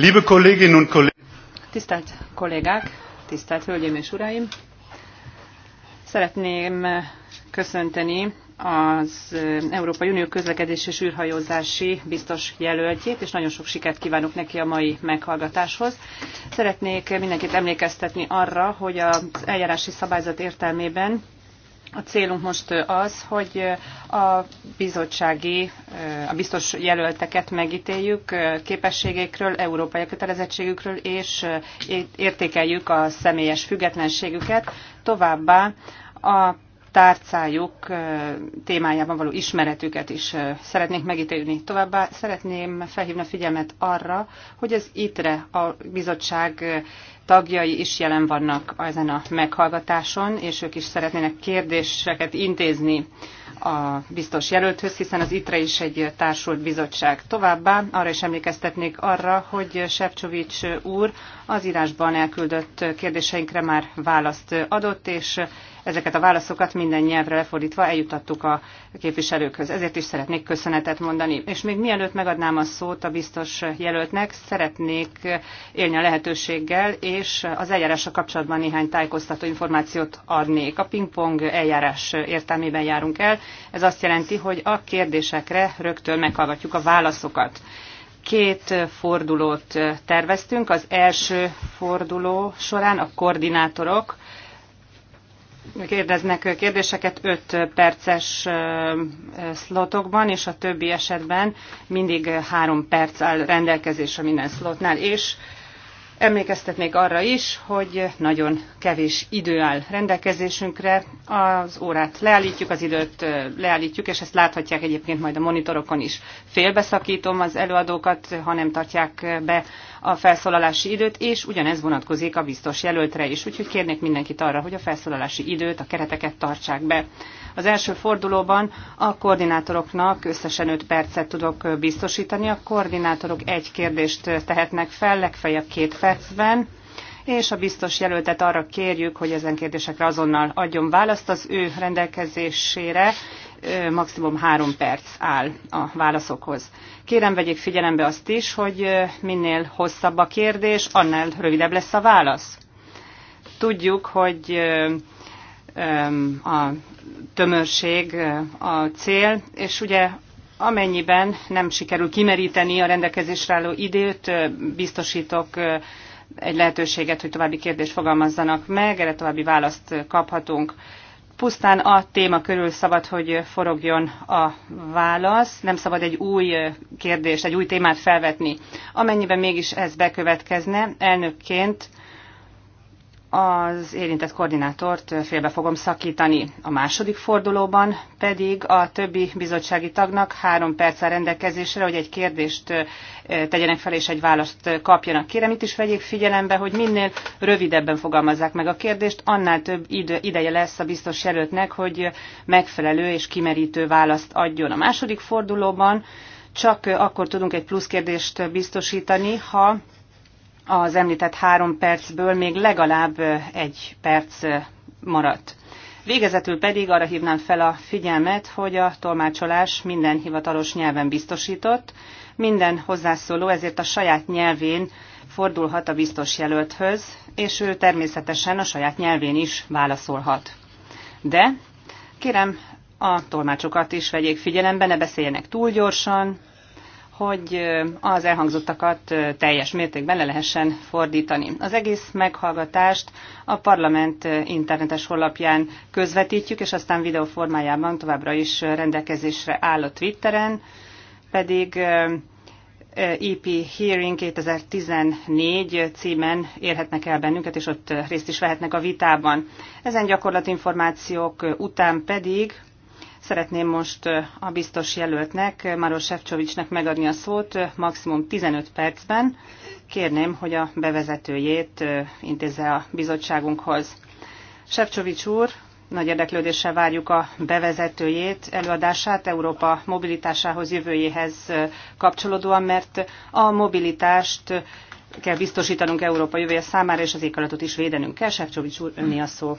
Liebe Kolleginnen und Kollegen! Tisztelt kollégák, tisztelt hölgyeim és uraim! Szeretném köszönteni az Európai Unió közlekedés és űrhajózási biztos jelöltjét, és nagyon sok sikert kívánok neki a mai meghallgatáshoz. Szeretnék mindenkit emlékeztetni arra, hogy az eljárási szabályzat értelmében a célunk most az, hogy a bizottsági, a biztos jelölteket megítéljük képességekről, európai kötelezettségükről, és értékeljük a személyes függetlenségüket. Továbbá a tárcájuk témájában való ismeretüket is szeretnék megítélni. Továbbá szeretném felhívni a figyelmet arra, hogy az ITRE, a bizottság tagjai is jelen vannak ezen a meghallgatáson, és ők is szeretnének kérdéseket intézni a biztos jelölthöz, hiszen az ITRE is egy társult bizottság. Továbbá arra is emlékeztetnék arra, hogy Sefcsovics úr az írásban elküldött kérdéseinkre már választ adott, és ezeket a válaszokat minden nyelvre lefordítva eljutattuk a képviselőkhöz. Ezért is szeretnék köszönetet mondani. És még mielőtt megadnám a szót a biztos jelöltnek, szeretnék élni a lehetőséggel, és az eljárással kapcsolatban néhány tájékoztató információt adnék. A pingpong eljárás értelmében járunk el. Ez azt jelenti, hogy a kérdésekre rögtön meghallgatjuk a válaszokat. Két fordulót terveztünk. Az első forduló során a koordinátorok kérdeznek kérdéseket 5 perces szlotokban, és a többi esetben mindig 3 perc áll rendelkezésre minden szlotnál, és emlékeztetnék arra is, hogy nagyon kevés idő áll rendelkezésünkre, az órát leállítjuk, az időt leállítjuk, és ezt láthatják egyébként majd a monitorokon is. Félbeszakítom az előadókat, ha nem tartják be a felszólalási időt, és ugyanez vonatkozik a biztos jelöltre is. Úgyhogy kérnék mindenkit arra, hogy a felszólalási időt, a kereteket tartsák be. Az első fordulóban a koordinátoroknak összesen 5 percet tudok biztosítani. A koordinátorok egy kérdést tehetnek fel, legfeljebb két percben és a biztos jelöltet arra kérjük, hogy ezen kérdésekre azonnal adjon választ. Az ő rendelkezésére maximum három perc áll a válaszokhoz. Kérem, vegyék figyelembe azt is, hogy minél hosszabb a kérdés, annál rövidebb lesz a válasz. Tudjuk, hogy a tömörség a cél, és ugye amennyiben nem sikerül kimeríteni a rendelkezésre álló időt, biztosítok egy lehetőséget, hogy további kérdést fogalmazzanak meg, erre további választ kaphatunk. Pusztán a téma körül szabad, hogy forogjon a válasz, nem szabad egy új kérdést, egy új témát felvetni. Amennyiben mégis ez bekövetkezne, elnökként az érintett koordinátort félbe fogom szakítani. A második fordulóban pedig a többi bizottsági tagnak három perc áll rendelkezésre, hogy egy kérdést tegyenek fel és egy választ kapjanak. Kérem, itt is vegyék figyelembe, hogy minél rövidebben fogalmazzák meg a kérdést, annál több idő, ideje lesz a biztos jelöltnek, hogy megfelelő és kimerítő választ adjon. A második fordulóban csak akkor tudunk egy plusz kérdést biztosítani, ha az említett három percből még legalább egy perc maradt. Végezetül pedig arra hívnám fel a figyelmet, hogy a tolmácsolás minden hivatalos nyelven biztosított, minden hozzászóló ezért a saját nyelvén fordulhat a biztos jelölthöz, és ő természetesen a saját nyelvén is válaszolhat. De kérem, a tolmácsokat is vegyék figyelembe, ne beszéljenek túl gyorsan, hogy az elhangzottakat teljes mértékben le lehessen fordítani. Az egész meghallgatást a parlament internetes honlapján közvetítjük, és aztán videó formájában továbbra is rendelkezésre áll a Twitteren, pedig EP Hearing 2014 címen érhetnek el bennünket, és ott részt is vehetnek a vitában. Ezen gyakorlatinformációk után pedig Szeretném most a biztos jelöltnek, Maros Sefcsovicsnek megadni a szót maximum 15 percben. Kérném, hogy a bevezetőjét intézze a bizottságunkhoz. Sefcsovics úr, nagy érdeklődéssel várjuk a bevezetőjét, előadását Európa mobilitásához, jövőjéhez kapcsolódóan, mert a mobilitást kell biztosítanunk Európa jövője számára, és az éghajlatot is védenünk kell. Sefcsovics úr, önni a szó.